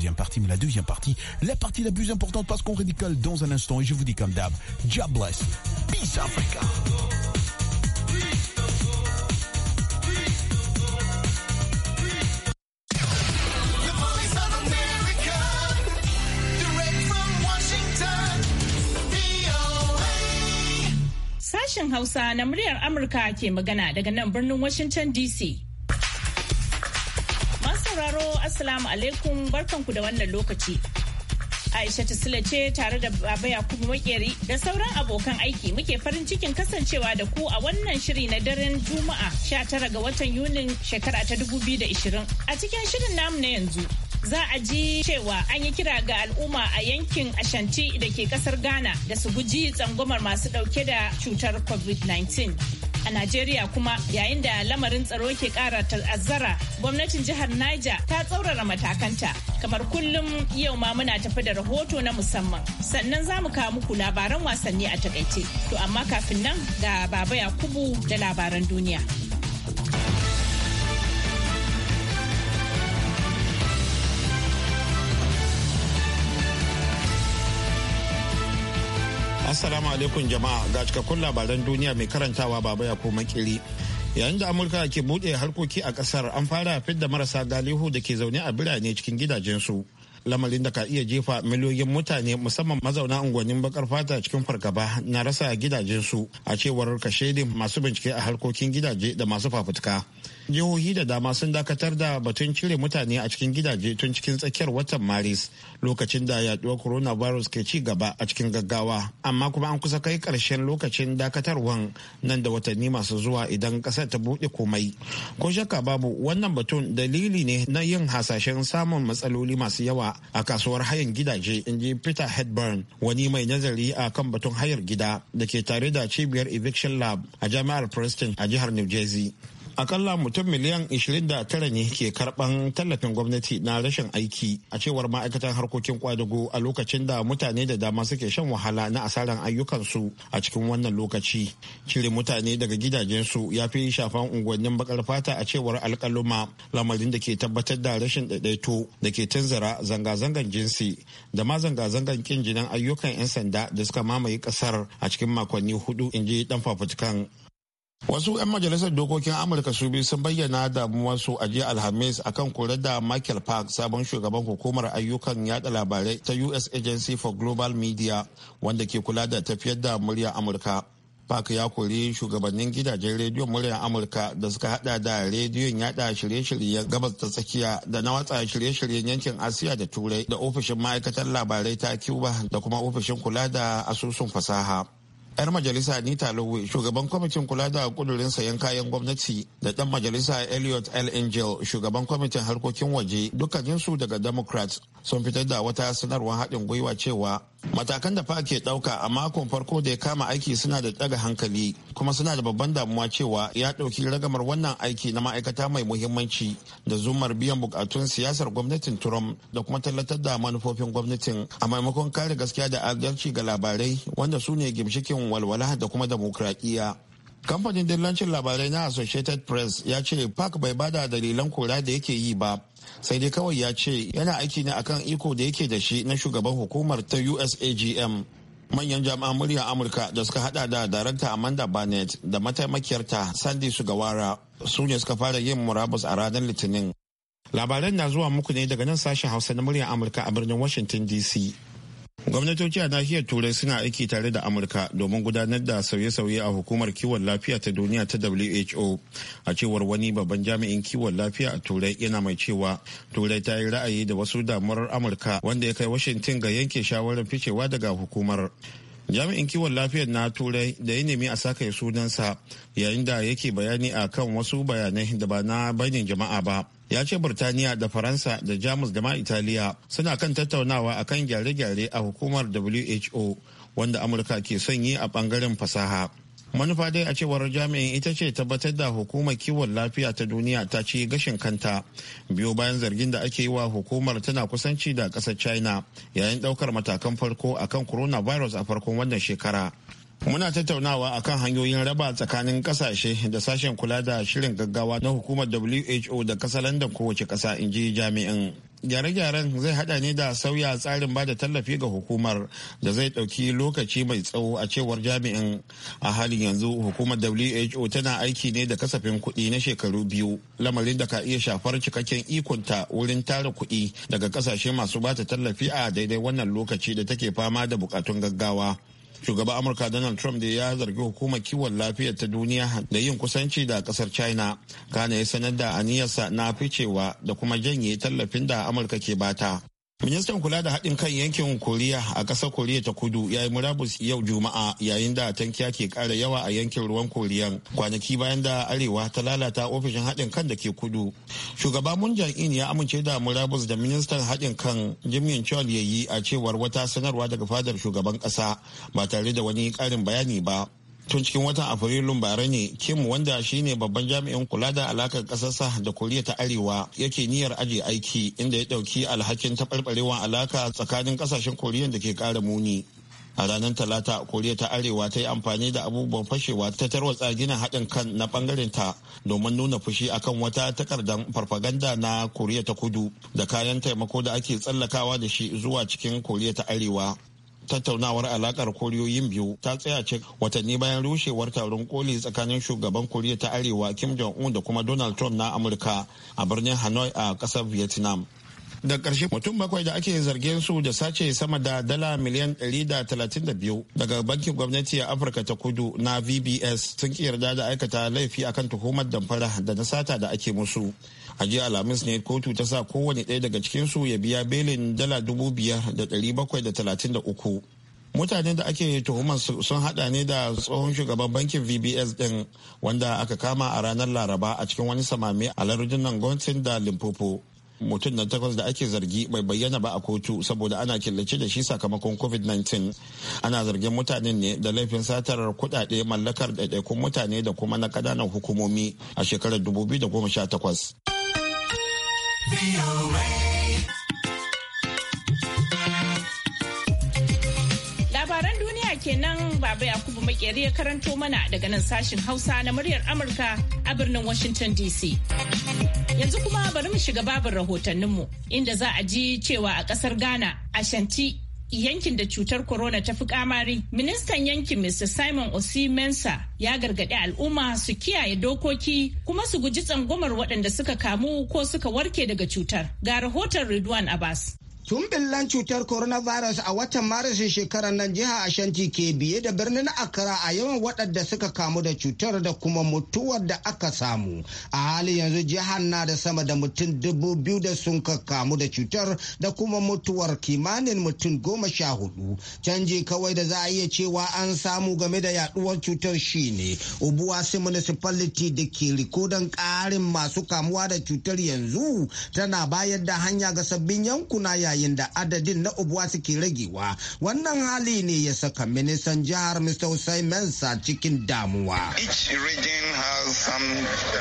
deuxième partie, mais la deuxième partie, la partie la plus importante parce qu'on ridicule dans un instant et je vous dis comme d'hab, job bless, peace Africa. Sashen Hausa na muryar Amurka ke magana daga nan birnin Washington DC. Assalamu alaikum barkanku da wannan lokaci. Aisha Tisila ce tare da Baba Yakubu Makeri da sauran abokan aiki muke farin cikin kasancewa da ku a wannan shiri na daren Juma'a 19 ga watan Yunin shekara ta 2020. A cikin shirin namu na yanzu za a ji cewa an yi kira ga al'umma a yankin Ashanti da ke kasar Ghana da su guji tsangwamar masu dauke da cutar COVID-19. a Najeriya kuma yayin da lamarin tsaro ke kara ta'azzara gwamnatin jihar Niger ta tsaurara matakanta kamar kullum yau ma muna tafi da rahoto na musamman sannan za mu kawo muku labaran wasanni a takaice to amma kafin nan ga baba Yakubu da labaran duniya. Assalamu alaikum jama'a ga cikakkun labaran duniya mai karantawa baba ya koma kiri. Yayin da Amurka ke buɗe harkoki a ƙasar an fara da marasa galihu da ke zaune a birane cikin gidajensu. Lamarin da ka iya jefa miliyoyin mutane musamman mazauna unguwannin bakar fata cikin fargaba na rasa gidajensu a cewar kashedin masu bincike a harkokin gidaje da masu fafutuka. jihohi da dama sun dakatar da batun cire mutane a cikin gidaje tun cikin tsakiyar watan maris lokacin da yaduwar coronavirus ke ci gaba a cikin gaggawa amma kuma an kusa kai karshen lokacin dakatarwan nan da watanni masu zuwa idan kasar ta buɗe komai ko shakka babu wannan batun dalili ne na yin hasashen samun matsaloli masu yawa a kasuwar hayan gidaje in ji peter hedburn wani mai nazari a kan batun hayar gida da ke tare da cibiyar eviction lab a jami'ar preston a jihar new jersey akalla mutum miliyan 29 ne ke karban tallafin gwamnati na rashin aiki a cewar ma'aikatan harkokin kwadago a lokacin da mutane da dama suke shan wahala na asaran ayyukansu a cikin wannan lokaci cire mutane daga gidajensu ya fi shafan unguwannin bakar fata a cewar alkaluma lamarin da ke tabbatar da rashin daidaito da ke tunzara zanga-zangan jinsi da ma zanga-zangan kin jinan ayyukan 'yan sanda da suka mamaye kasar a cikin makonni hudu in ji dan fafutukan Wasu 'yan majalisar dokokin Amurka su biyu sun bayyana damuwarsu a jiya Alhamis akan kore da Michael Park sabon shugaban hukumar ayyukan yada labarai ta U.S. Agency for Global Media wanda ke kula da tafiyar da murya Amurka. Park ya kori shugabannin gidajen rediyon muryar Amurka da suka hada da rediyon yada shirye-shiryen gabas ta tsakiya da na watsa shirye-shiryen yankin Asiya da Turai da ofishin ma'aikatar labarai ta Cuba da kuma ofishin kula da asusun fasaha. 'yar majalisa anita lowe shugaban kwamitin kula da kudurin sayan kayan gwamnati da dan majalisa elliot l angel shugaban kwamitin harkokin waje dukkaninsu daga democrats sun fitar da wata sanarwar haɗin gwiwa cewa matakan da fa ke ɗauka a makon farko da ya kama aiki suna da ɗaga hankali kuma suna da babban damuwa cewa ya ɗauki ragamar wannan aiki na ma'aikata mai muhimmanci da zumar biyan bukatun siyasar gwamnatin trump da kuma tallatar da manufofin gwamnatin a maimakon kare gaskiya da adalci ga labarai wanda su ne gimshikin samun walwala da kuma demokradiyya kamfanin dillancin labarai na associated press ya ce park bai bada dalilan kora da yake yi ba sai dai kawai ya ce yana aiki ne akan iko da yake da shi na shugaban hukumar ta usagm manyan jami'an murya amurka da suka hada da darakta amanda barnett da mataimakiyarta sandy sugawara su ne suka fara yin murabus a ranar litinin labaran na zuwa muku ne daga nan sashen hausa na murya amurka a birnin washington dc gwamnatoci a nahiyar turai suna aiki tare da amurka domin gudanar da sauye-sauye a hukumar kiwon lafiya ta duniya ta who a cewar wani babban jami'in kiwon lafiya a turai yana mai cewa turai ta yi ra'ayi da wasu damuwar amurka wanda ya kai washington ga yanke shawarar ficewa daga hukumar jami'in kiwon lafiyar na turai da ya nemi a saka sunansa yayin da yake bayani a kan wasu bayanai da ba na bainin jama'a ba ya ce Burtaniya da Faransa da Jamus da ma Italiya suna kan tattaunawa a kan gyare-gyare a hukumar WHO wanda Amurka ke son yi a bangaren fasaha. Manufa dai a cewar jami'in ita ce tabbatar da hukumar kiwon lafiya ta duniya ta ci gashin kanta biyo bayan zargin da ake yi wa hukumar tana kusanci da ƙasar China yayin ɗaukar matakan farko akan coronavirus a farkon wannan shekara. Muna tattaunawa a kan hanyoyin raba tsakanin kasashe da sashen kula da shirin gaggawa na hukumar WHO da kasa London kowace kasa in ji jami'in. Gyare-gyaren zai hada ne da sauya tsarin bada tallafi ga hukumar da zai dauki lokaci mai tsawo a cewar jami'in. A halin yanzu hukumar WHO tana aiki ne da kasafin kuɗi na shekaru biyu, lamarin da ka iya shafar cikakken ikonta wurin tara kuɗi daga kasashe masu bata tallafi a daidai wannan lokaci da take fama da bukatun gaggawa. shugaban amurka donald trump da ya zargi hukumar kiwon lafiyar ta duniya da yin kusanci da kasar china kana ya sanar da aniyarsa na ficewa da kuma janye tallafin da amurka ke bata Ministan kula da haɗin kan yankin Koriya a ƙasar Koriya ta kudu ya yi murabus yau Juma'a yayin da tankiya ke ƙara yawa a yankin ruwan Koriyan kwanaki bayan da Arewa ta lalata ofishin haɗin kan da ke kudu. Shugaba mun jam'in ya amince da murabus da ministan haɗin kan jim'in Chol ya yi a cewar wata sanarwa daga fadar shugaban ƙasa ba tare da wani ƙarin bayani ba. tun cikin watan afrilun bara ne kim wanda shine babban jami'in kula da alakar kasarsa da koriya ta arewa yake niyyar aje aiki inda ya ɗauki alhakin taɓarɓarewar alaka tsakanin kasashen koriya da ke ƙara muni a ranar talata koriya ta arewa ta yi amfani da abubuwan fashewa ta tarwatsa gina haɗin kan na ɓangaren ta domin nuna fushi akan wata takardar farfaganda na koriya ta kudu da kayan taimako da ake tsallakawa da shi zuwa cikin koriya ta arewa tattaunawar alakar koriyoyin biyu ta tsaya ce watanni bayan rushewar taron koli tsakanin shugaban koriya ta arewa kim jong un da kuma donald trump na amurka a birnin hanoi a kasar vietnam da ƙarshe mutum bakwai da ake zargin su da sace sama da dala miliyan 132 daga bankin gwamnati a afirka ta kudu na vbs sun ki yarda da aikata laifi akan tuhumar damfara da na sata da ake musu a jiya alhamis ne kotu ta sa kowane ɗaya daga cikin su ya biya belin dala dubu biyar da ɗari bakwai da talatin da uku mutanen da ake tuhumar sun hada ne da tsohon shugaban bankin vbs din wanda aka kama a ranar laraba a cikin wani samami a lardunan gontin da limpopo mutum na takwas da ake zargi bai bayyana ba a kotu saboda ana killace da shi sakamakon covid-19 ana zargin mutanen ne da laifin satarar kuɗaɗe mallakar ɗaiɗaikun mutane da kuma na ƙananan hukumomi a shekarar 2018 labaran duniya kenan Baba Yakubu Makeri ya karanto mana daga nan sashin Hausa na muryar Amurka a birnin Washington DC. Yanzu kuma bari mu shiga babin rahotanninmu inda za a ji cewa a kasar Ghana, Ashanti yankin da cutar corona ta fi kamari ministan yankin mr simon osimensa ya gargaɗi al'umma su kiyaye dokoki kuma su guji tsangwamar waɗanda suka kamu ko suka warke daga cutar ga rahoton ridwan abbas Tun billan cutar coronavirus a watan Maris shekarar nan jiha Ashanti ke biye da birnin Accra a yawan waɗanda suka kamu da cutar da kuma mutuwar da aka samu. A halin yanzu jihar na da sama da mutum dubu biyu da sun ka kamu da cutar da kuma mutuwar kimanin mutum goma sha hudu. Canji kawai da za a iya cewa an samu game da yaduwar cutar shine ubuwa Ubuwasi municipality da ke rikodon ƙarin masu kamuwa da cutar yanzu tana bayar da hanya ga sabbin yankuna yayin yayin da adadin na ubuwa suke ragewa wannan hali ne ya saka ministan jihar mr hussein mensa cikin damuwa each region has some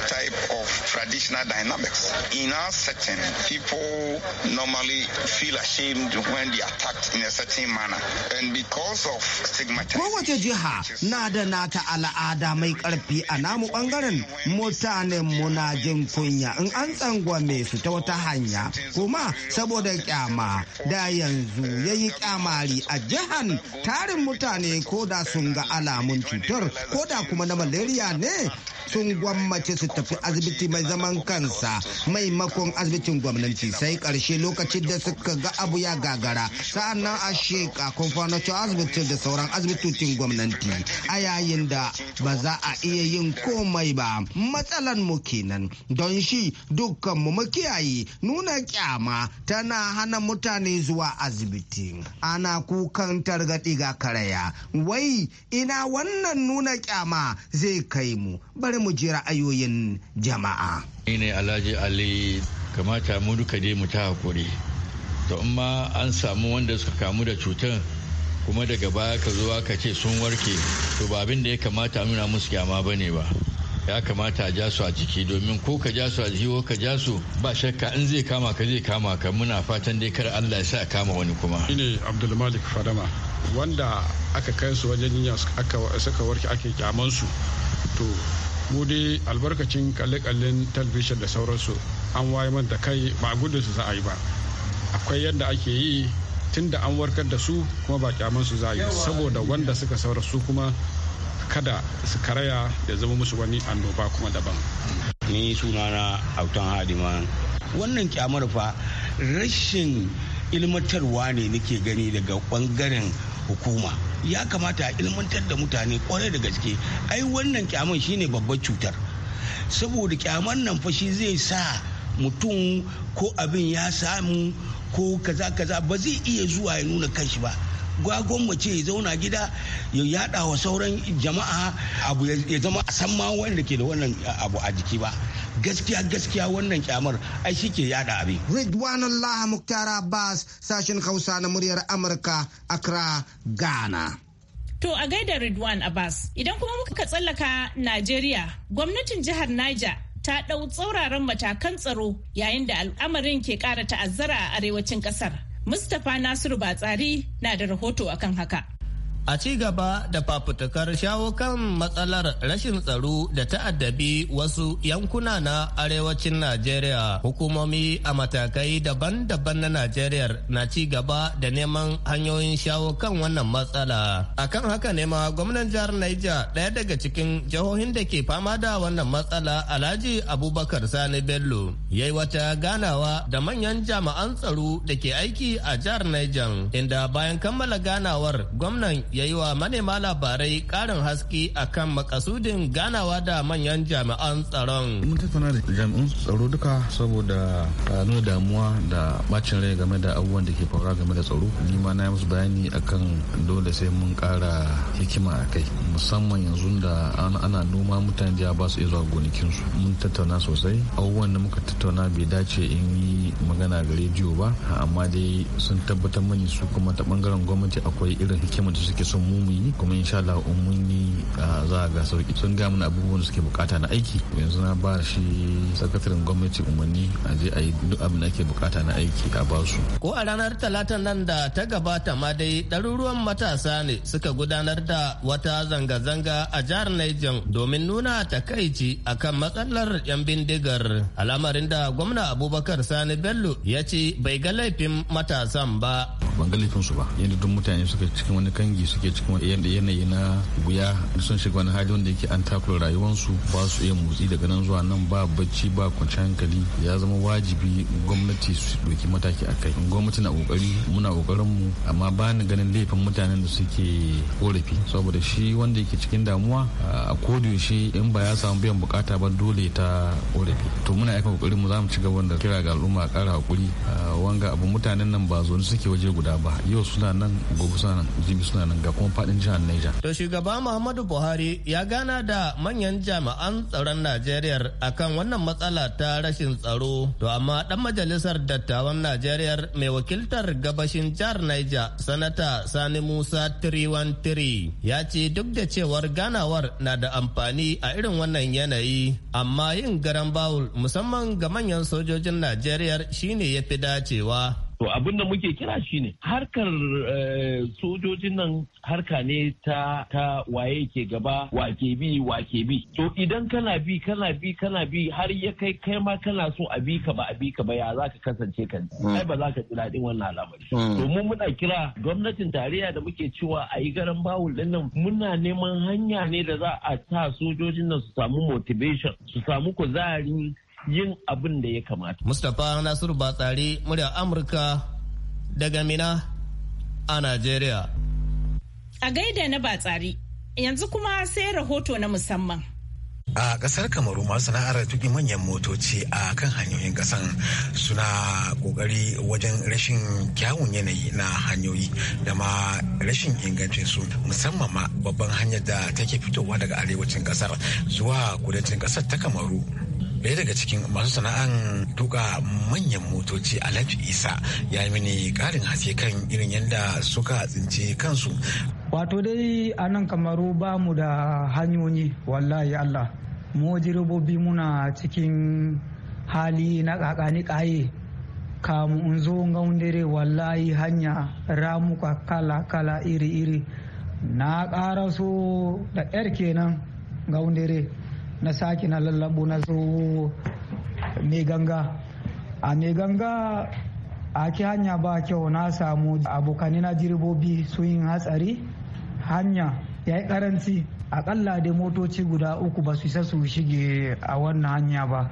type of traditional dynamics in our setting people normally feel ashamed when they attacked in a certain manner and because of stigmatization kowace jiha na da nata al'ada mai karfi a namu bangaren mutanen muna jin kunya in an tsangwame su ta wata hanya kuma saboda kyama da yanzu ya yi kyamari a jihar tarin mutane ko da sun ga alamun cutar ko da kuma na malaria ne sun gwammace su tafi asibiti mai zaman kansa maimakon asibitin gwamnati sai karshe lokacin da suka ga abu ya gagara sa'annan a sheka asibitin da sauran asibitocin gwamnati a yayin da ba za a iya yin komai ba matsalan mu kenan don shi dukkan mu makiyayi nuna kyama tana hana mutane zuwa asibiti ana kukan targaɗi ga karaya wai ina wannan nuna kyama zai kai mu bari sai mu ji ra'ayoyin jama'a. Ni ne Alhaji Ali kamata mu duka dai mu ta hakuri. To in ma an samu wanda suka kamu da cutar kuma daga baya ka zo ka ce sun warke to ba abin da ya kamata nuna musu kyama ba ne ba. ya kamata a jasu a jiki domin ko ka jasu a jiki ko ka jasu ba shakka in zai kama ka zai kama ka muna fatan dai kar Allah ya sa kama wani kuma ne Abdulmalik Fadama wanda aka kai su wajen yinya aka saka warke ake kyaman su to mu albarkacin kalle-kallen talbishin da sauransu an waye man da kai ba gudun su za a yi ba akwai yadda ake yi tun da an warkar da su kuma ba kyaman su za a yi saboda wanda suka saura su kuma kada su karaya ya zama musu wani annoba kuma daban ni sunana autan hadiman wannan kyamar fa rashin ilmantarwa ne nake gani daga bangaren hukuma ya kamata a ilmantar da mutane kwarai da gaske ai wannan kyaman shine babbar cutar saboda kyaman nan fashi zai sa mutum ko abin ya samu ko kaza kaza ba zai iya zuwa ya nuna kanshi ba gwagon mace ya zauna gida ya yada wa sauran jama'a abu ya zama a san ma wanda ke da wannan abu a jiki ba gaskiya gaskiya wannan kyamar ai shike yada abin Ridwan Allah Muktar Abbas sashen Hausa na muryar Amurka Accra Ghana To a gaida Ridwan Abbas idan kuma muka tsallaka Najeriya gwamnatin jihar Niger ta ɗau tsauraran matakan tsaro yayin da al'amarin ke ƙara ta'azzara a arewacin ƙasar. Mustapha Nasiru Batsari na da rahoto akan haka. a ci gaba da fafutukar shawo kan matsalar rashin tsaro da ta'addabi wasu yankuna na arewacin najeriya hukumomi a matakai daban-daban na najeriya na ci gaba da neman hanyoyin shawo kan wannan matsala A kan haka ne ma gwamnan jihar naija ɗaya daga cikin jihohin da ke fama da wannan matsala alhaji abubakar sani bello ya yi wata ganawa da manyan jami'an tsaro da ke aiki a jihar niger inda bayan kammala ganawar gwamnan ya yi wa manema labarai karin haske akan makasudin ganawa da manyan jami'an tsaron. Mun tattauna da jami'an tsaro duka saboda nuna damuwa da bacin rai game da abubuwan da ke faruwa game da tsaro. Ni ma na yi musu bayani akan dole sai mun kara hikima a kai musamman yanzu da ana noma mutane da ba su iya zuwa gonakinsu. Mun tattauna sosai abubuwan da muka tattauna bai dace in yi magana ga rediyo ba amma dai sun tabbatar mani su kuma ta bangaren gwamnati akwai irin hikimar da suke suke son mu mu yi kuma insha Allah in mun yi za a ga sauki sun ga mana abubuwan da suke bukata na aiki yanzu na ba shi sakataren gwamnati umarni a je a yi duk abin da ake bukata na aiki a ba su ko a ranar talata nan da ta gabata ma dai ɗaruruwan matasa ne suka gudanar da wata zanga-zanga a jihar Niger domin nuna takaici akan matsalar 'yan bindigar al'amarin da gwamna Abubakar Sani Bello ya ce bai ga laifin matasan ba. Ban ga laifin su ba yadda duk mutane suka cikin wani kangi suke cikin yanayi na wuya sun shiga wani hali wanda yake an takura rayuwarsu ba su iya motsi daga nan zuwa nan ba bacci ba kwanciyar hankali ya zama wajibi gwamnati su ɗauki mataki a kai gwamnati na kokari muna kokarin mu amma ba ni ganin laifin mutanen da suke korafi saboda shi wanda yake cikin damuwa a yaushe in ba ya samu biyan bukata ba dole ta korafi to muna aika kokari mu za mu ci gaba da kira ga al'umma kara hakuri wanga abu mutanen nan ba zo suke waje guda ba yau suna nan gobe suna nan jibi suna nan ga kuma fadin jihar Niger. To shugaba Muhammadu Buhari ya gana da manyan jami'an tsaron Najeriya akan wannan matsala ta rashin tsaro. To amma dan majalisar dattawan Najeriya mai wakiltar gabashin jihar Niger sanata Sani Musa 313 ya ce duk da cewar ganawar na da amfani a irin wannan yanayi amma yin garan bawul musamman ga manyan sojojin Najeriya shine ya fi dacewa. To abin da muke kira shi ne harkar eh, sojojin nan harka ne ta ta waye ke gaba wake bi wake bi. To idan kana bi kana bi kana bi har ya kai kai ma kana so a bi ka ba a bi ka ba ya za ka kasance kan hmm. ai ba za ka ji daɗin wannan al'amari. Hmm. To mu muna kira gwamnatin tarayya da muke cewa a yi garan bawul din nan muna neman hanya ne da za a sa sojojin nan su samu motivation su samu kuzari yin abin da ya kamata. Mustapha Nasiru Batsari murya Amurka daga Mina a Najeriya. A gaida na Batsari yanzu kuma sai rahoto na musamman. a kasar kamaru masu sana'ar tuki manyan motoci a kan hanyoyin kasan suna kokari wajen rashin kyawun yanayi na hanyoyi da ma rashin ingancin su musamman ma babban hanyar da take fitowa daga arewacin kasar zuwa kudancin kasar ta kamaru ɗaya daga cikin masu sana'an duka manyan motoci a alhaji isa ya yi mini ƙarin haske kan irin yadda suka tsinci kansu wato dai a nan kamaru ba mu da hanyoyi wallahi allah mu jirobobi muna cikin hali na kakani ka mu in zo gaundare wallahi hanya ramuka kala kala iri iri na ƙara so da yar kenan gaundare na sake na lallabo na zo mai ganga a mai ganga a ki hanya ba kyau na samu abokanai na jirbobi sun yi hatsari hanya ya yi karanci akalla da motoci guda uku ba su isa su shige a wannan hanya ba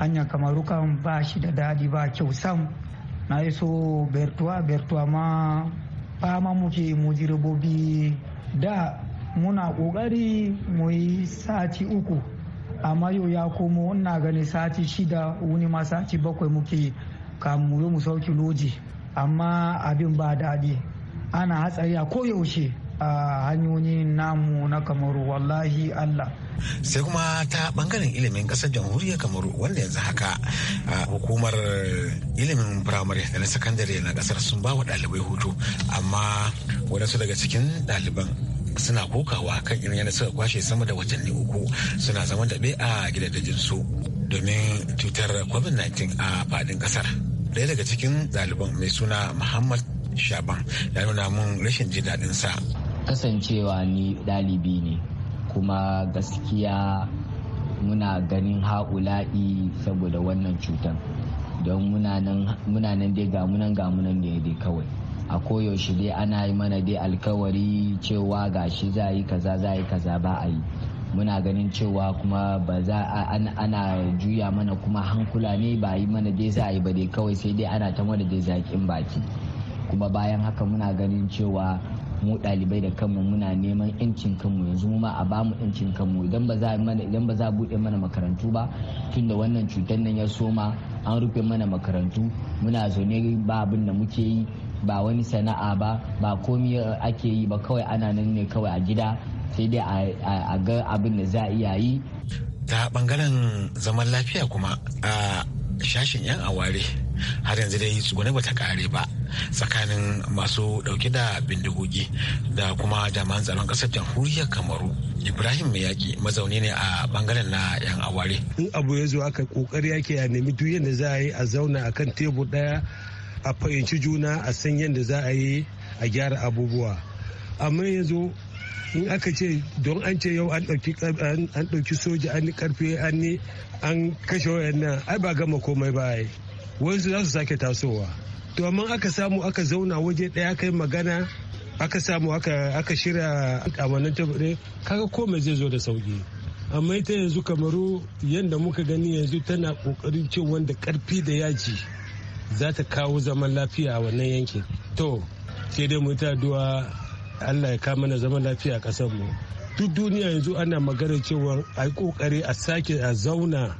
hanya kamarukan ba shi da dadi ba kyau sam na yi so bertuwa bertuwa ma fama muke mu jirbobi da muna ƙoƙari mu yi sati uku amma yau ya komo ina ganin sati shida wani ma sati bakwai muke kamu yau mu sauki loji amma abin ba daɗi ana hatsari a koyaushe a hanyoyin namu na kamaru wallahi allah sai kuma ta bangaren ilimin kasar jamhuriyar kamaru wanda yanzu haka hukumar ilimin firamare da na sakandare na kasar sun ba wa ɗalibai hutu amma wadansu daga cikin ɗaliban suna kokawa kan irin yadda suka kwashe sama da watanni uku suna zama da bai a gidajensu domin cutar covid-19 a fadin kasar daya daga cikin ɗaliban mai suna muhammad shaban ya nuna mun rashin jin daɗin sa kasancewa ni ɗalibi ne kuma gaskiya muna ganin haƙula'i saboda wannan cutar don muna nan dai gamunan gamunan ne dai kawai a koyaushe dai ana yi mana dai alkawari cewa gashi za yi kaza za yi kaza ba a yi muna ganin cewa kuma ba za ana juya mana kuma hankula ne ba yi mana dai za a yi ba dai kawai sai dai ana ta mana dai zaƙin baki kuma bayan haka muna ganin cewa mu ɗalibai da kanmu muna neman yancin kanmu yanzu mu ma a ba mu yancin kanmu idan ba za mana idan ba za buɗe mana makarantu ba tunda wannan cutar nan ya soma an rufe mana makarantu muna zaune ba abin da muke yi ba wani sana'a ba ba komi ake yi ba kawai ana nan ne kawai a gida sai dai a ga abin da za a iya yi ta bangaren zaman lafiya kuma a shashin 'yan aware har yanzu dai tsugune bata kare ba tsakanin masu dauke da bindigogi da kuma jami'an tsaron kasar jamhuriyar kamaru ibrahim mai yaki mazauni ne a bangaren na yan aware in abu ya zo aka kokari ake a nemi duk yadda za a yi a zauna akan tebur daya a fahimci juna a san yadda za a yi a gyara abubuwa amma yanzu in aka ce don an ce yau an ɗauki soja an karfe an an kashe wayannan ai ba gama komai ba ai wasu za su sake tasowa to amma aka samu aka zauna waje ɗaya kai magana aka samu aka shirya wannan tabbare kaga komai zai zo da sauki amma ita yanzu kamaru yadda muka gani yanzu tana kokarin cin wanda karfi da yaji za ta kawo zaman lafiya a wannan yankin to sai dai mu ta addu'a allah ya kama na zaman lafiya a ƙasar mu duk duniya yanzu ana magana cewa a yi kokari a sake a zauna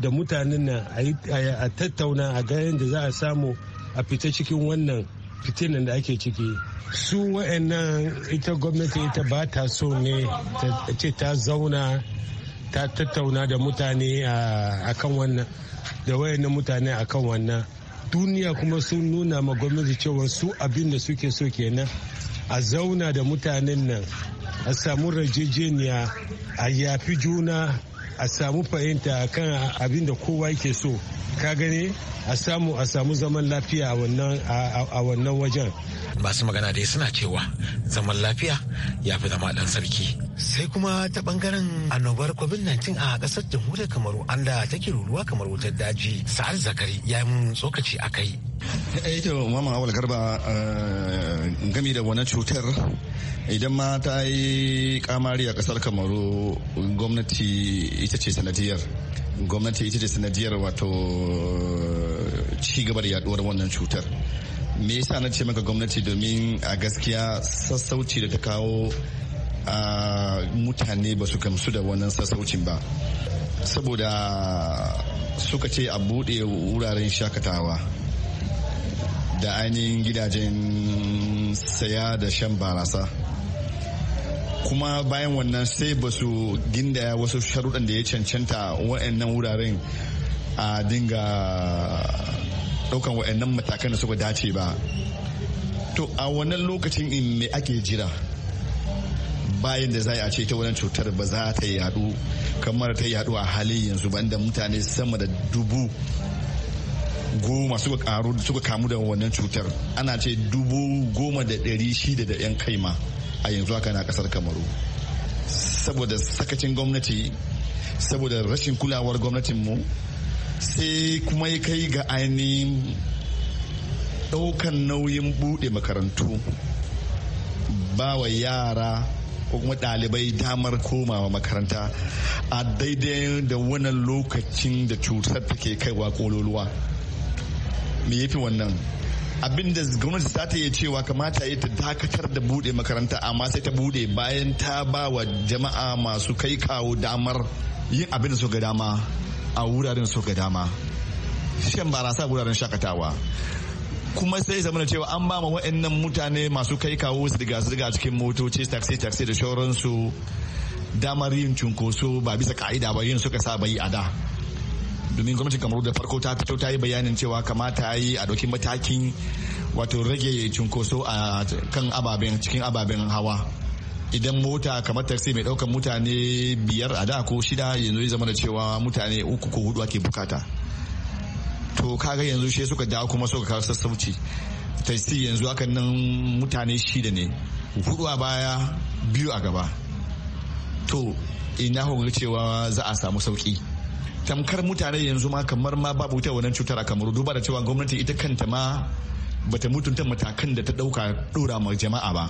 da mutanen nan a tattauna a ga yadda za a samu a fita cikin wannan fitinan da ake ciki su wa'annan ita gwamnati ita ba ta so ne ta ce ta zauna ta tattauna da mutane a kan wannan da wayannan mutane a kan wannan duniya kuma sun nuna ma gwamnati cewa su abin da suke so kenan a zauna da mutanen nan a samu rajejeniya a yafi juna a samu fahimta kan abin da kowa yake so ka gani a samu a samu zaman lafiya a wannan a wannan wajen masu magana dai suna cewa zaman lafiya ya fi zama dan sarki sai kuma ta bangaren annobar covid-19 a kasar jamhuriyar kamaru an da take ruruwa kamar wutar daji sa'ar zakari ya yi mun tsokaci a kai ita eh, mama awal garba eh, gami da wani cutar idan ma ta yi kamari a kasar kamaru gwamnati ita ce sanadiyar gwamnati ita ce sanadiyar wato eh, ci gaba da yaduwar wannan cutar me yasa na ce maka gwamnati domin a gaskiya sassauci da ta kawo a mutane ba su gamsu da wannan sassaucin ba saboda suka ce a bude wuraren shakatawa da ainihin gidajen saya da shan barasa kuma bayan wannan sai ba su gindaya wasu sharuɗan da ya cancanta wa'annan wuraren a dinga ɗaukan wa'annan matakan da suka dace ba to a wannan lokacin in me ake jira bayan da za a ce ta wannan cutar ba za ta yadu kamar ta yadu a halin yanzu ba inda mutane sama da dubu goma suka karu suka kamu da wannan cutar ana ce dubu goma da ɗari shida da 'yan kaima. a yanzu haka na kasar kamaru saboda sakacin gwamnati saboda rashin kulawar gwamnatinmu sai kuma ya kai ga ainihin ɗaukan nauyin buɗe makarantu ba wa yara ko kuma dalibai damar komawa makaranta a daidai da wannan lokacin da cutar take kaiwa kololuwa me yafi wannan abinda gwamnati za ta iya cewa kamata ya ta dakatar da bude makaranta amma sai ta bude bayan ta ba wa jama'a masu kai kawo damar yin abin da su ga dama a wuraren su ga dama shan barasa wuraren shakatawa kuma sai zama da cewa an ba ma wa'annan mutane masu kai kawo su daga su cikin motoci taxi taxi da shoransu damar yin cunkoso ba bisa ka'ida ba yin suka sa yi a da domin gwamnatin kamaru da farko ta fito ta yi bayanin cewa kamata yi a doki matakin wato rage cunkoso a kan ababen cikin ababen hawa idan mota kamar taxi mai daukan mutane biyar a da ko shida yanzu zama da cewa mutane uku ko hudu ake bukata to kaga yanzu shi suka dawo kuma suka kawo sassauci taxi yanzu aka nan mutane shida ne hudu a baya biyu a gaba to ina hukun cewa za a samu sauki tamkar mutane yanzu ma kamar ma babu wuta wannan cutar a kamaru duba da cewa gwamnati ita kanta ma bata mutunta matakan da ta dauka dora ma jama'a ba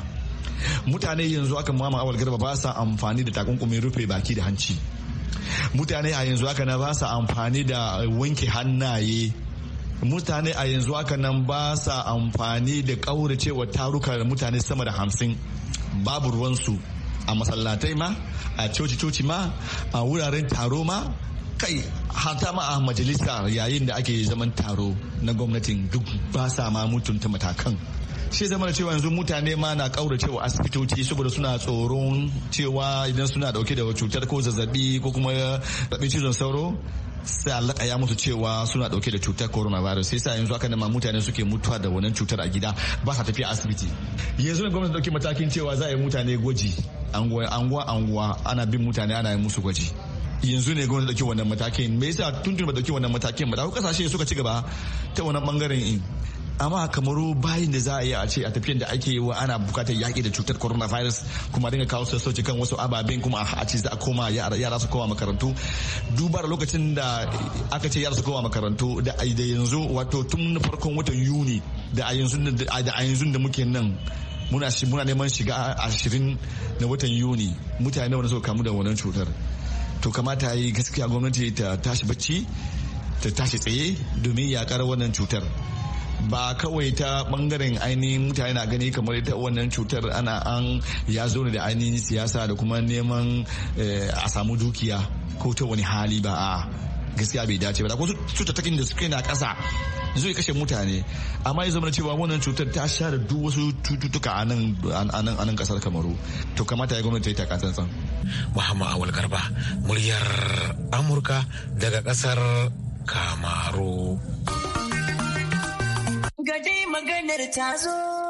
mutane yanzu aka mama awal garba ba sa amfani da takunkumin rufe baki da hanci mutane a yanzu aka na ba sa amfani da wanke hannaye mutane a yanzu haka nan ba sa amfani da cewa taruka da mutane sama da hamsin babu ruwansu a masallatai ma a coci-coci ma a wuraren taro ma kai hata ma a majalisa yayin da ake zaman taro na gwamnatin duk ba sa ma mutunta matakan shi zama da cewa yanzu mutane ma na cewa asibitoci saboda suna tsoron cewa idan suna dauke da cutar ko zazzabi ko kuma zaɓi cizon sauro sai Allah ya musu cewa suna dauke da cutar coronavirus sai sa yanzu aka nema mutane suke mutuwa da wannan cutar a gida ba sa tafiya asibiti yanzu ne gwamnati dauke matakin cewa za a yi mutane gwaji anguwa anguwa ana bin mutane ana yi musu gwaji yanzu ne gwamnati dauki wannan matakin me yasa tuntun ba dauki wannan matakin ba da kasashe suka ci gaba ta wannan bangaren in amma kamaru bayan da za a yi a ce a tafiyan da ake yi wa ana bukatar yaƙi da cutar coronavirus kuma dinga kawo sassauci kan wasu ababen kuma a ce za a koma yara su koma makarantu duba da lokacin da aka ce yara su koma makarantu da yanzu wato tun farkon watan yuni da a yanzu da muke nan muna neman shiga ashirin na watan yuni mutane wanda suka kamu da wannan cutar to kamata yi gaskiya gwamnati ta tashi bacci ta tashi tsaye domin yakar wannan cutar ba kawai ta bangaren ainihin mutane na gani kamar ita wannan cutar ana an ya zo da ainihin siyasa da kuma neman eh, a samu dukiya ko ta wani hali ba a gaskiya bai dace ba da wasu cutattakin da suke na kasa. zai kashe mutane amma ya zama cewa wannan cutar ta share duk wasu cututtuka a nan kasar kamaru to kamata ya gwamnati ta yi takatsantsan muhammad awal garba muryar amurka daga kasar kamaru gaje maganar tazo.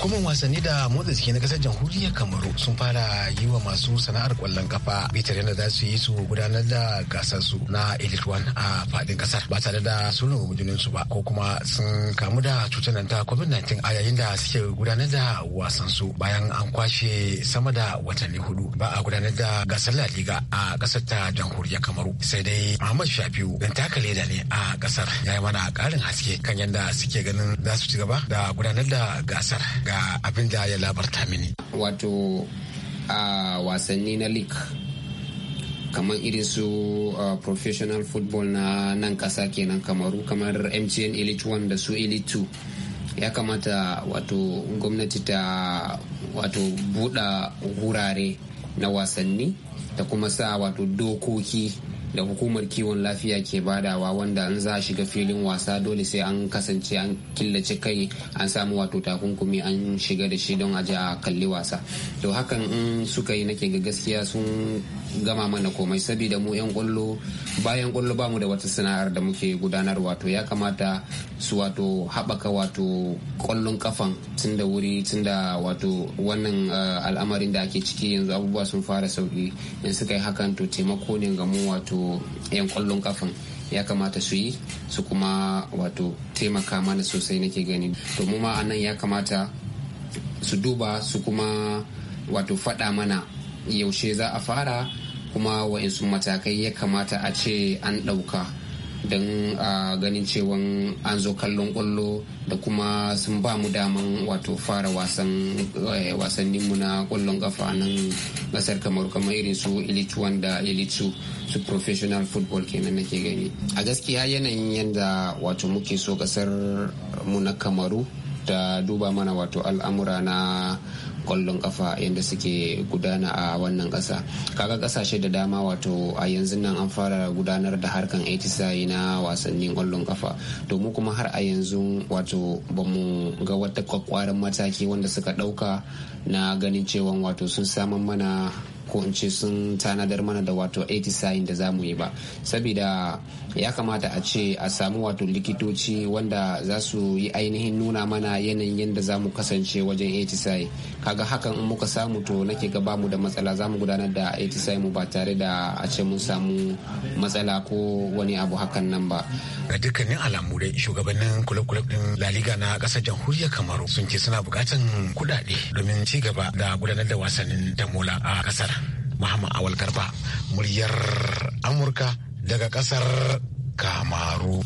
hukumar wasanni da motsa jiki na kasar jamhuriyar kamaru sun fara yi wa masu sana'ar kwallon kafa bitar da za su yi su gudanar da gasar su na elite one a fadin kasar ba tare da sun rungumin su ba ko kuma sun kamu da cutar nan ta covid-19 a yayin da suke gudanar da wasan su bayan an kwashe sama da watanni hudu ba a gudanar da gasar la a kasar ta jamhuriyar kamaru sai dai ahmad shafiu dan taka leda ne a kasar ya yi mana karin haske kan yadda suke ganin za su ci gaba da gudanar da gasar ga abin da ya labarta mini wato a wasanni na league kamar irin su professional football na nan kasa kenan kamaru kamar mtn elite 1 da su elite 2 ya kamata wato gwamnati ta wato buɗa wurare na wasanni ta kuma sa wato dokoki da hukumar kiwon lafiya ke badawa wanda an za a shiga filin wasa dole sai an kasance an killace kai an samu wato takunkumi an shiga da shi don a a kalli wasa to hakan in suka yi nake ga gaskiya sun gama mana komai saboda mu 'yan kwallo bayan kwallo bamu da wata sana'ar da muke gudanar wato ya kamata su wato haɓaka wato kwallon kafan tun da wuri tun da wato wannan eh, al'amarin da ake ciki yanzu abubuwa sun fara sauki in suka yi hakan to taimako ne ga mu wato 'yan kwallon kafan ya kamata su yi su kuma wato taimaka mana sosai nake gani to mu ma anan ya kamata su duba su kuma wato faɗa mana yaushe za a fara kuma wa'insu matakai ya kamata a ce an ɗauka don a ganin cewan an zo kallon kwallo da kuma sun ba mu daman wato fara eh, wasannin mu na kwallon kafa nan gasar kamar kamar irin su elite one da elite two su professional football kenan nake gani a gaskiya yanayin yadda wato muke so kasar mu na kamaru da duba mana wato al'amura na kwallon kafa yadda suke gudana a wannan kasa kaga kasashe da dama wato a yanzu nan an fara gudanar da harkan atisayi na wasannin kwallon kafa to mu kuma har a yanzu wato ba mu ga wata kwakwaran mataki wanda suka dauka na ganin cewa wato sun saman mana ko in ce sun tanadar mana da wato atisayin da za mu yi ba saboda ya kamata a ce a samu wato likitoci wanda za su yi ainihin nuna mana yanayin yadda za mu kasance wajen etisaye kaga hakan in muka samu to nake gaba mu da matsala za mu gudanar da HSI mu ba tare da a ce mun samu matsala ko wani abu hakan nan ba ga dukkanin alamu dai shugabannin kulab din La na kasar jamhuriyar Kamaru sun ce suna bukatan kudade domin ci gaba da gudanar da wasannin damola a kasar Muhammad Awal Garba muryar Amurka daga ƙasar kamaru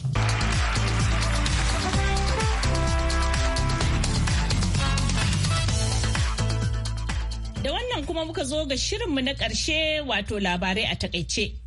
da wannan kuma muka zo ga shirinmu na ƙarshe wato labarai a takaice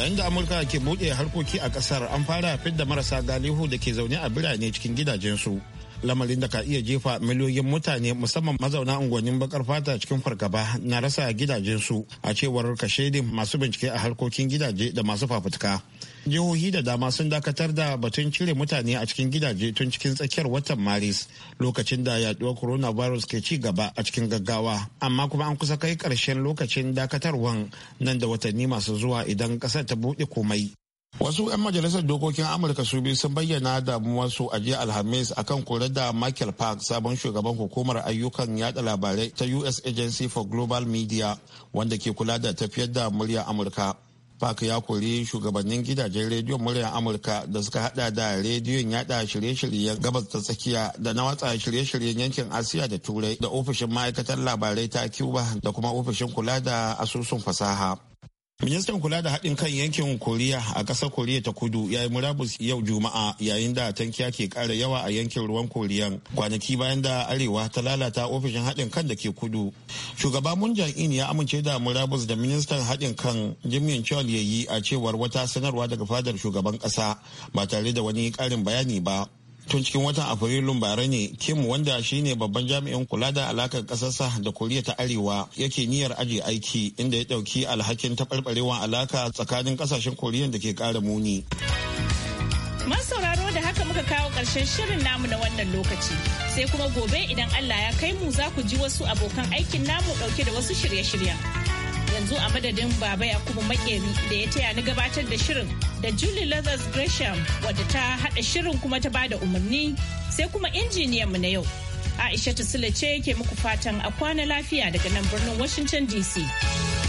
yayin da amurka ke buɗe harkoki a ƙasar an fara fidda marasa galihu da ke zaune a birane cikin gidajensu. lamarin da ka iya jefa miliyoyin mutane musamman mazauna unguwannin bakar fata cikin fargaba na rasa gidajensu a cewar kashedin masu bincike a harkokin gidaje da masu fafutuka jihohi da dama sun dakatar da batun cire mutane a cikin gidaje tun cikin tsakiyar watan maris lokacin da yaduwar coronavirus ke ci gaba a cikin gaggawa amma kuma an kusa kai karshen lokacin dakatarwan nan da watanni masu zuwa idan kasar ta buɗe komai Wasu 'yan majalisar dokokin Amurka su biyu sun bayyana damuwarsu a jiya Alhamis akan korar da Michael Park sabon shugaban hukumar ayyukan yada labarai ta U.S. Agency for Global Media wanda ke kula da tafiyar da murya Amurka. Park ya kori shugabannin gidajen rediyon murya Amurka da suka hada da rediyon yada shirye-shiryen gabas ta tsakiya da na watsa shirye-shiryen yankin Asiya da Turai da ofishin ma'aikatar labarai ta Cuba da kuma ofishin kula da asusun fasaha. Ministan kula da haɗin kan yankin Koriya a ƙasar Koriya ta kudu ya yi murabus yau Juma'a yayin da tankiya ke ƙara yawa a yankin ruwan Koriyan kwanaki bayan da Arewa ta lalata ofishin haɗin kan da ke kudu. Shugaba mun in ya amince da murabus da ministan haɗin kan jim'in Chol ya yi a cewar wata sanarwa daga fadar shugaban ƙasa ba tare da wani ƙarin bayani ba. tun cikin watan afrilun bara ne kim wanda shine babban jami'in kula da alakar kasarsa da koriya ta arewa yake niyyar aje aiki inda ya ɗauki alhakin taɓarɓarewan alaka tsakanin ƙasashen koriya da ke ƙara muni sauraro da haka muka kawo ƙarshen shirin namu na wannan lokaci sai kuma gobe idan allah ya kai mu za ku ji wasu abokan aikin namu ɗauke da wasu shirye-shiryen yanzu a madadin baba yakubu makeri da ya taya ni gabatar da shirin da julie leathers gresham wadda ta hada shirin kuma ta bada umarni sai kuma mu na yau aisha tusila ce ke muku fatan a kwana lafiya daga nan birnin washington dc